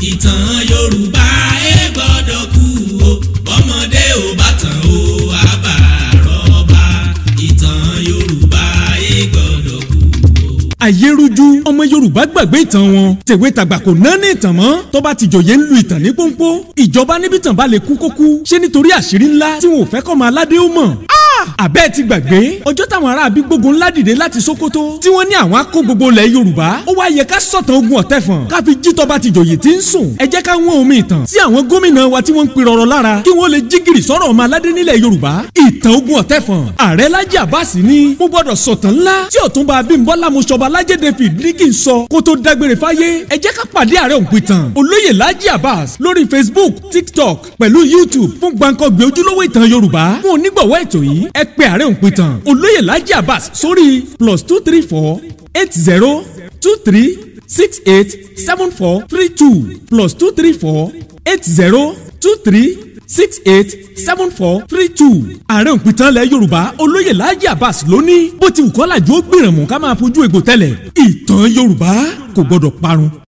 ìtàn Yorùbá ẹ gbọ́dọ̀ kú o bọ́mọdé ò bá tàn o àbá rọ́bà ìtàn Yorùbá ẹ gbọ́dọ̀ kú o. àyérújú ọmọ Yorùbá gbàgbé ìtàn wọn tèwe tàgbà kò ní ìtàn mọ́ tó bá ti jòyè ń lu ìtàn ní pọ́npọ́ ìjọba níbi tàn bá lè kú kó kú ṣé nítorí àṣírí ńlá tí wọn ò fẹ́ kọ́ ọmọ aládé ó mọ̀ àbẹ́ẹ̀ ti gbàgbé ọjọ́ táwọn ará bí gbógun ńlá dìde láti Sokoto tí wọ́n ní àwọn akó gbogbo ilẹ̀ Yorùbá ó wá yẹ ká sọ̀tàn ogun ọ̀tẹ̀fọ̀n ká fi jítọ́ba ti jòyè tí ń sùn ẹ jẹ́ ká wọ́n omi ìtàn sí àwọn gómìnà wa tí wọ́n ń pirọ̀rọ̀ lára kí wọ́n lè jígìrì sọ̀rọ̀ ọmọ aládé nílẹ̀ Yorùbá ìtàn ogun ọ̀tẹ̀fọ̀n ààrẹ Lájí Àbáàsì ni mo gbọ́dọ̀ sọ̀tàn ńlá tí Ọ̀túnba Abímbọ́lá Mọ̀ṣọ́ba Lájẹ́dẹ́ Fìdíkì ń Facebook TikTok pẹ̀lú YouTube fún gbàǹkọ̀gbẹ̀ ojúlówó ìtàn Yorùbá fún onígbọ̀wọ́ ètò yìí ẹ pè àárẹ̀ òǹpin tán olóyè Laji abas. sórí plus two three four eight zero two three six eight seven four three two plus two three four eight zero two three six eight seven four three two. ààrẹ òǹpìtánlẹ̀ yorùbá olóyè Laji Abbas ló ní bó ti wù kọ́làjú ó gbìrànmù ká máa fojú egbò tẹ́lẹ̀ ìtàn yorùbá kò gbọ́dọ̀ parun.